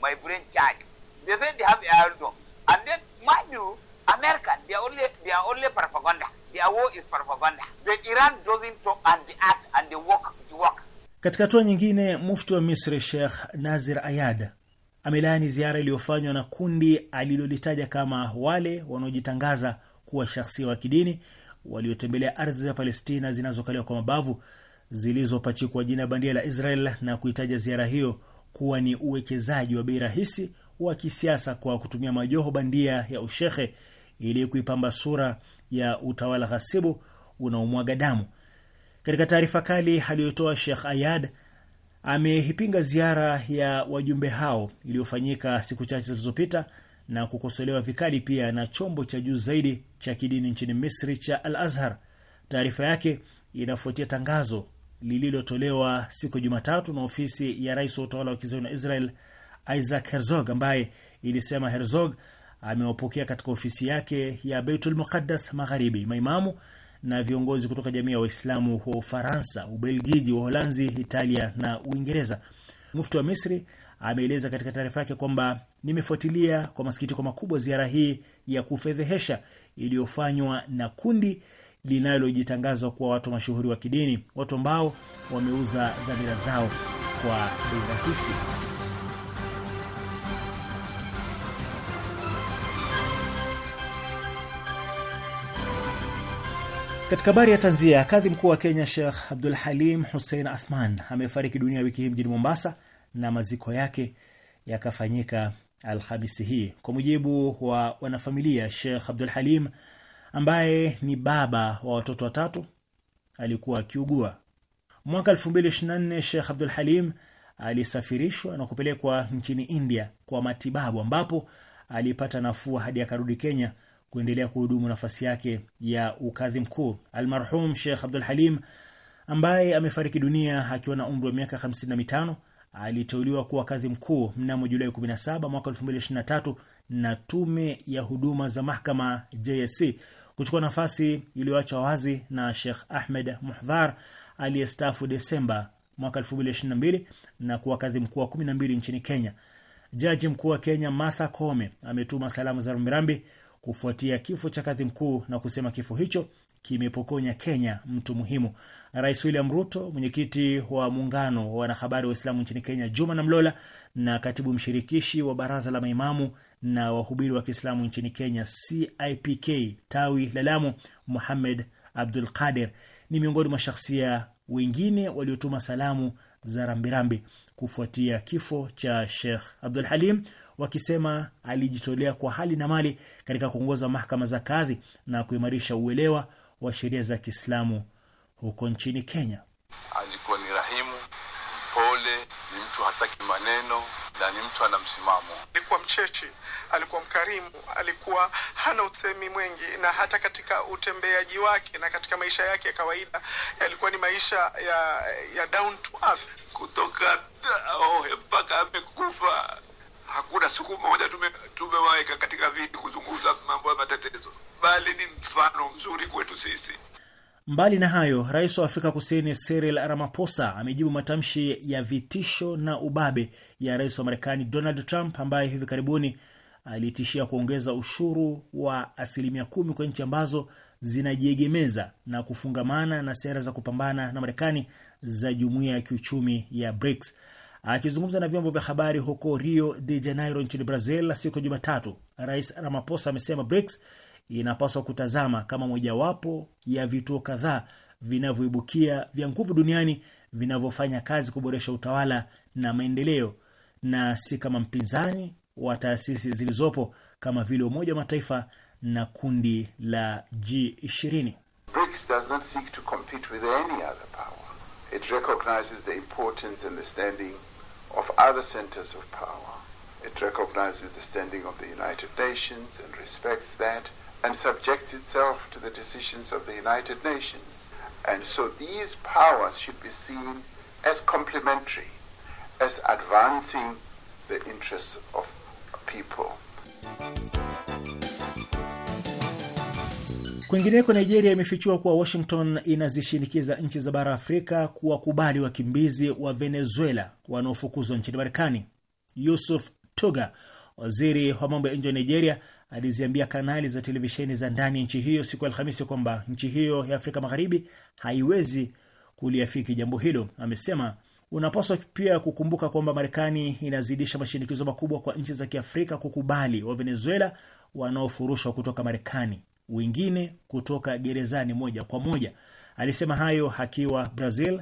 my brain charge. They say they have aerodrome. And then, mind you, America, they are only, they are only propaganda. Their war is propaganda. The Iran doesn't talk and they act and they walk, they work. Katika hatua nyingine, mufti wa Misri Sheikh Nazir Ayad amelaani ziara iliyofanywa na kundi alilolitaja kama wale wanaojitangaza kuwa shahsia wa kidini waliotembelea ardhi za Palestina zinazokaliwa kwa mabavu zilizopachikwa jina bandia la Israel na kuitaja ziara hiyo kuwa ni uwekezaji wa bei rahisi wa kisiasa kwa kutumia majoho bandia ya ushehe ili kuipamba sura ya utawala ghasibu unaomwaga damu. Katika taarifa kali aliyotoa Sheikh Ayad ameipinga ziara ya wajumbe hao iliyofanyika siku chache zilizopita na kukosolewa vikali pia na chombo cha juu zaidi cha kidini nchini Misri cha Al Azhar. Taarifa yake inafuatia tangazo lililotolewa siku ya Jumatatu na ofisi ya rais wa utawala wa kizayuni wa Israel Isaac Herzog, ambaye ilisema Herzog amewapokea katika ofisi yake ya Beitul Muqaddas Magharibi maimamu na viongozi kutoka jamii ya Waislamu wa Ufaransa, Ubelgiji, Uholanzi, Italia na Uingereza. Mufti wa Misri ameeleza katika taarifa yake kwamba nimefuatilia kwa masikitiko makubwa ziara hii ya kufedhehesha iliyofanywa na kundi linalojitangaza kuwa watu mashuhuri wa kidini, watu ambao wameuza dhamira zao kwa bei rahisi. Katika habari ya tanzia, kadhi mkuu wa Kenya Sheikh Abdul Halim Hussein Athman amefariki dunia wiki hii mjini Mombasa na maziko yake yakafanyika Alhamisi hii. Kwa mujibu wa wanafamilia, Sheikh Abdul Halim ambaye ni baba wa watoto watatu alikuwa akiugua. Mwaka 2024 Sheikh Abdul Halim alisafirishwa na kupelekwa nchini India kwa matibabu, ambapo alipata nafuu hadi akarudi Kenya kuendelea kuhudumu nafasi yake ya ukadhi mkuu. Almarhum Sheikh Abdul Halim ambaye amefariki dunia akiwa na umri wa miaka 55 aliteuliwa kuwa kadhi mkuu mnamo Julai 17 mwaka 2023 na tume ya huduma za mahakama JSC kuchukua nafasi iliyoachwa wazi na Sheikh Ahmed Muhdhar aliyestaafu Desemba mwaka 2022 na kuwa kadhi mkuu wa 12 nchini Kenya. Jaji mkuu wa Kenya Martha Koome ametuma salamu za rambirambi kufuatia kifo cha kadhi mkuu na kusema kifo hicho kimepokonya Kenya mtu muhimu. Rais William Ruto, mwenyekiti wa muungano wa wanahabari wa Uislamu nchini Kenya Juma Namlola na katibu mshirikishi wa baraza la maimamu na wahubiri wa Kiislamu nchini Kenya, CIPK tawi la Lamu, Muhamed Abdul Qadir ni miongoni mwa shakhsia wengine waliotuma salamu za rambirambi kufuatia kifo cha shekh Abdul Halim, wakisema alijitolea kwa hali na mali katika kuongoza mahakama za kadhi na kuimarisha uelewa wa sheria za Kiislamu huko nchini Kenya. Alikuwa ni rahimu, pole, ni mtu hataki maneno, na ni mtu ana msimamo. Alikuwa mcheshi, alikuwa mkarimu, alikuwa hana usemi mwengi, na hata katika utembeaji wake na katika maisha yake ya kawaida yalikuwa ni maisha ya, ya down to earth. Kutoka oh, mpaka amekufa, hakuna siku moja tumewaweka katika viti kuzungumza mambo ya matetezo, bali ni mfano mzuri kwetu sisi. Mbali na hayo, rais wa Afrika Kusini Cyril Ramaphosa amejibu matamshi ya vitisho na ubabe ya rais wa Marekani Donald Trump ambaye hivi karibuni alitishia kuongeza ushuru wa asilimia kumi kwa nchi ambazo zinajiegemeza na kufungamana na sera za kupambana na Marekani za jumuiya ya kiuchumi ya BRICS. Akizungumza na vyombo vya habari huko Rio de Janeiro nchini Brazil siku ya Jumatatu, rais Ramaphosa amesema BRICS inapaswa kutazama kama mojawapo ya vituo kadhaa vinavyoibukia vya nguvu duniani vinavyofanya kazi kuboresha utawala na maendeleo na si kama mpinzani wa taasisi zilizopo kama vile Umoja wa Mataifa na kundi la G20. BRICS does not seek to compete with any other power. It recognizes the importance and the standing of other centers of power. It recognizes the standing of the United Nations and respects that and subjects itself to the decisions of the United Nations. And so these powers should be seen as complementary, as advancing the interests of people. Kwingineko, Nigeria imefichua kuwa Washington inazishinikiza nchi za bara Afrika kuwakubali wakimbizi wa Venezuela wanaofukuzwa nchini Marekani. Yusuf Tuga, waziri wa mambo ya nje wa Nigeria, aliziambia kanali za televisheni za ndani ya nchi hiyo siku ya Alhamisi kwamba nchi hiyo ya Afrika Magharibi haiwezi kuliafiki jambo hilo. Amesema unapaswa pia kukumbuka kwamba Marekani inazidisha mashinikizo makubwa kwa nchi za Kiafrika kukubali wa Venezuela wanaofurushwa kutoka Marekani, wengine kutoka gerezani moja kwa moja. Alisema hayo akiwa Brazil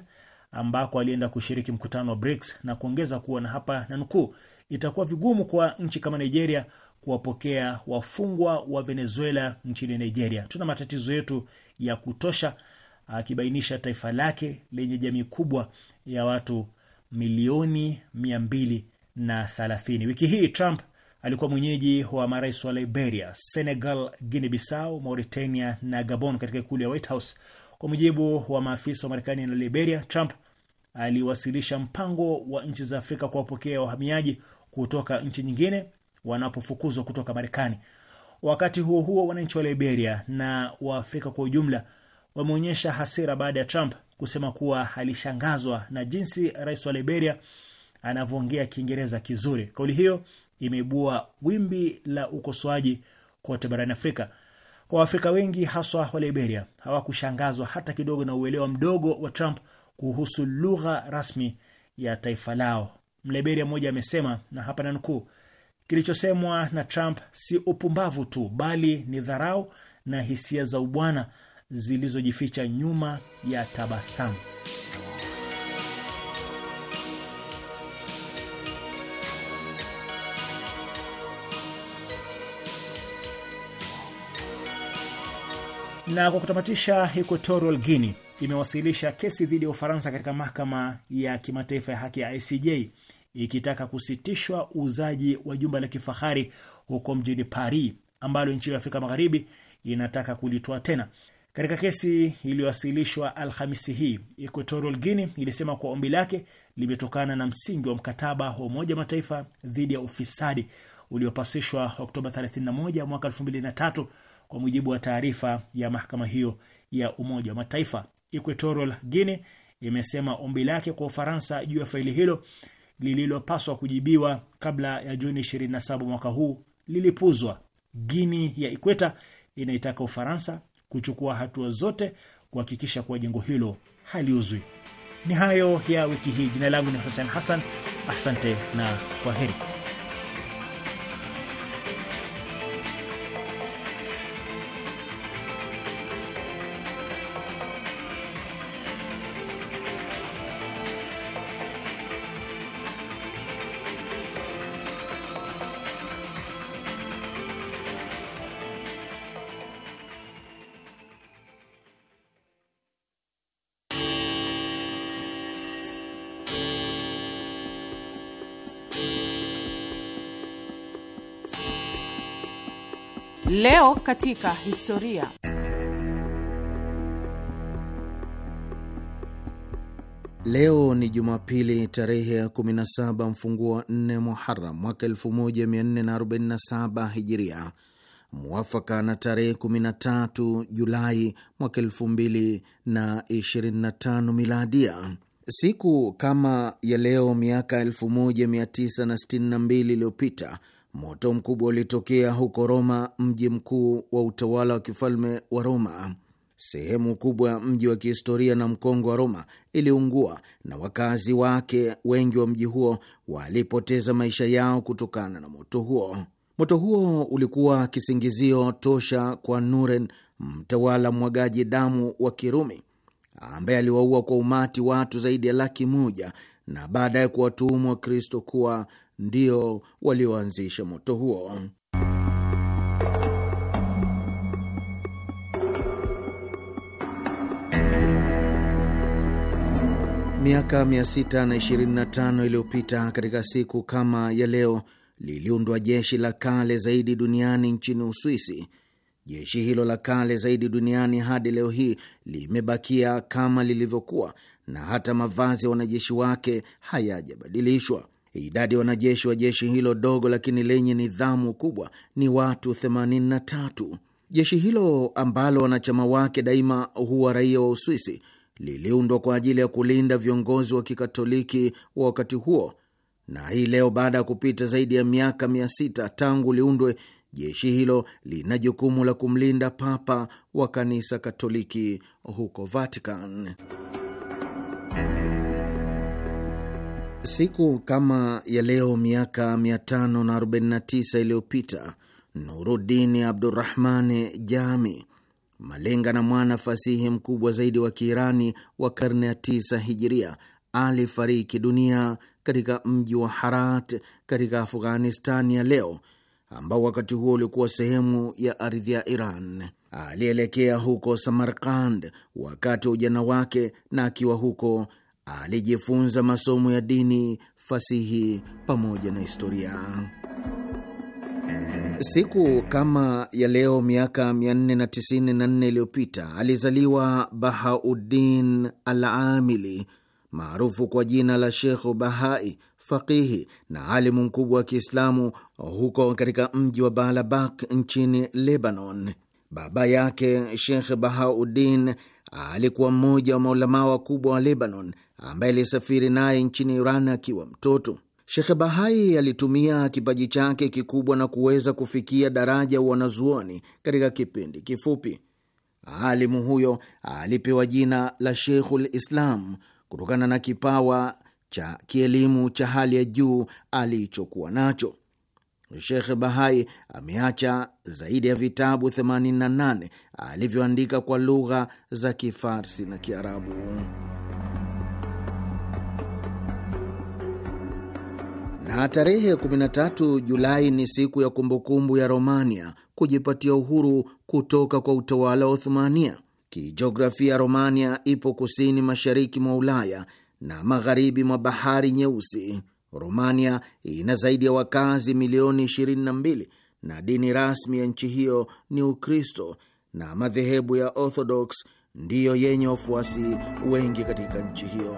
ambako alienda kushiriki mkutano wa BRICS na kuongeza kuwa na hapa na nukuu, itakuwa vigumu kwa nchi kama Nigeria kuwapokea wafungwa wa Venezuela nchini Nigeria. Tuna matatizo yetu ya kutosha, akibainisha taifa lake lenye jamii kubwa ya watu milioni mia mbili na thalathini. Wiki hii Trump alikuwa mwenyeji wa marais wa Liberia, Senegal, Guinea Bissau, Mauritania na Gabon katika ikulu ya White House. Kwa mujibu wa maafisa wa Marekani na Liberia, Trump aliwasilisha mpango wa nchi za Afrika kuwapokea wahamiaji kutoka nchi nyingine wanapofukuzwa kutoka Marekani. Wakati huo huo, wananchi wa Liberia na Waafrika kwa ujumla wameonyesha hasira baada ya Trump kusema kuwa alishangazwa na jinsi rais wa Liberia anavyoongea Kiingereza kizuri. Kauli hiyo imeibua wimbi la ukosoaji kote barani Afrika. Kwa Waafrika wengi haswa wa Liberia hawakushangazwa hata kidogo na uelewa mdogo wa Trump kuhusu lugha rasmi ya taifa lao. Mliberia mmoja amesema, na hapa nanukuu, Kilichosemwa na Trump si upumbavu tu, bali ni dharau na hisia za ubwana zilizojificha nyuma ya tabasamu. Na kwa kutamatisha, Equatorial Guinea imewasilisha kesi dhidi ya Ufaransa katika mahakama ya kimataifa ya haki ya ICJ ikitaka kusitishwa uuzaji wa jumba la kifahari huko mjini Paris ambalo nchi ya Afrika Magharibi inataka kulitoa tena. Katika kesi iliyowasilishwa Alhamisi hii, Equatorial Guinea ilisema kuwa ombi lake limetokana na msingi wa mkataba wa Umoja wa Mataifa dhidi ya ufisadi uliopasishwa Oktoba 31 mwaka 2003 kwa mujibu wa taarifa ya mahakama hiyo ya Umoja wa Mataifa. Equatorial Guinea imesema ombi lake kwa Ufaransa juu ya faili hilo lililopaswa kujibiwa kabla ya Juni 27 mwaka huu lilipuzwa. Guini ya Ikweta inaitaka Ufaransa kuchukua hatua zote kuhakikisha kuwa jengo hilo haliuzwi. Ni hayo ya wiki hii. Jina langu ni Hussein Hassan, asante na kwa heri katika historia. Leo ni Jumapili tarehe ya 17 mfunguo wa 4 Muharam mwaka 1447 Hijiria, mwafaka na tarehe 13 Julai mwaka 2025 Miladia. Siku kama ya leo miaka 1962 iliyopita Moto mkubwa ulitokea huko Roma, mji mkuu wa utawala wa kifalme wa Roma. Sehemu kubwa ya mji wa kihistoria na mkongo wa Roma iliungua na wakazi wake wengi wa mji huo walipoteza maisha yao kutokana na moto huo. Moto huo ulikuwa kisingizio tosha kwa Nuren, mtawala mwagaji damu wa Kirumi, ambaye aliwaua kwa umati watu zaidi ya laki moja na baadaye kuwatuhumu Wakristo kuwa ndio walioanzisha moto huo. Miaka 625 iliyopita katika siku kama ya leo liliundwa jeshi la kale zaidi duniani nchini Uswisi. Jeshi hilo la kale zaidi duniani hadi leo hii limebakia kama lilivyokuwa, na hata mavazi ya wanajeshi wake hayajabadilishwa. Idadi ya wanajeshi wa jeshi hilo dogo lakini lenye nidhamu kubwa ni watu 83. Jeshi hilo ambalo wanachama wake daima huwa raia wa Uswisi liliundwa kwa ajili ya kulinda viongozi wa kikatoliki wa wakati huo, na hii leo baada ya kupita zaidi ya miaka mia sita tangu liundwe, jeshi hilo lina jukumu la kumlinda papa wa kanisa Katoliki huko Vatican. Siku kama ya leo miaka 549 iliyopita Nurudini Abdurahmani Jami, malenga na mwana fasihi mkubwa zaidi wa Kiirani wa karne ya 9 Hijiria, alifariki dunia katika mji wa Harat katika Afghanistani ya leo, ambao wakati huo ulikuwa sehemu ya ardhi ya Iran. Alielekea huko Samarkand wakati wa ujana wake, na akiwa huko alijifunza masomo ya dini, fasihi pamoja na historia. Siku kama ya leo miaka 494 iliyopita alizaliwa Bahauddin Al-Amili maarufu kwa jina la Shekhu Bahai, faqihi na alimu mkubwa wa Kiislamu huko katika mji wa Baalabak nchini Lebanon. Baba yake Shekh Bahauddin alikuwa mmoja wa maulamaa wakubwa wa Lebanon ambaye alisafiri naye nchini Iran akiwa mtoto. Shekhe Bahai alitumia kipaji chake kikubwa na kuweza kufikia daraja wanazuoni katika kipindi kifupi. Alimu huyo alipewa jina la Sheikhul Islam kutokana na kipawa cha kielimu cha hali ya juu alichokuwa nacho. shekhe Bahai ameacha zaidi ya vitabu 88 alivyoandika kwa lugha za Kifarsi na Kiarabu. na tarehe 13 Julai ni siku ya kumbukumbu ya Romania kujipatia uhuru kutoka kwa utawala wa Uthmania. Kijiografia, Romania ipo kusini mashariki mwa Ulaya na magharibi mwa bahari Nyeusi. Romania ina zaidi ya wakazi milioni 22 na dini rasmi ya nchi hiyo ni Ukristo na madhehebu ya Orthodox ndiyo yenye wafuasi wengi katika nchi hiyo.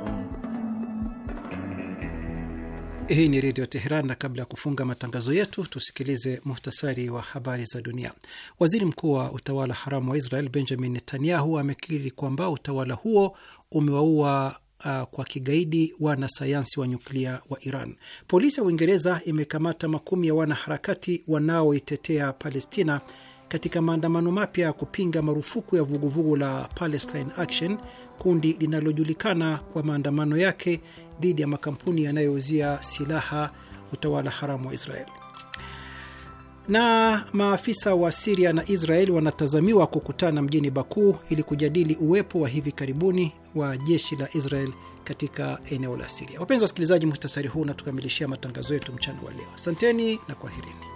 Hii ni Redio Teheran, na kabla ya kufunga matangazo yetu tusikilize muhtasari wa habari za dunia. Waziri mkuu wa utawala haramu wa Israel Benjamin Netanyahu amekiri kwamba utawala huo umewaua uh, kwa kigaidi wanasayansi wa nyuklia wa Iran. Polisi ya Uingereza imekamata makumi ya wanaharakati wanaoitetea Palestina katika maandamano mapya ya kupinga marufuku ya vuguvugu la Palestine Action, kundi linalojulikana kwa maandamano yake dhidi ya makampuni yanayouzia silaha utawala haramu wa Israel. Na maafisa wa Siria na Israel wanatazamiwa kukutana mjini Baku ili kujadili uwepo wa hivi karibuni wa jeshi la Israel katika eneo la Siria. Wapenzi wasikilizaji, muhtasari huu unatukamilishia matangazo yetu mchana wa leo. Asanteni na kwaherini.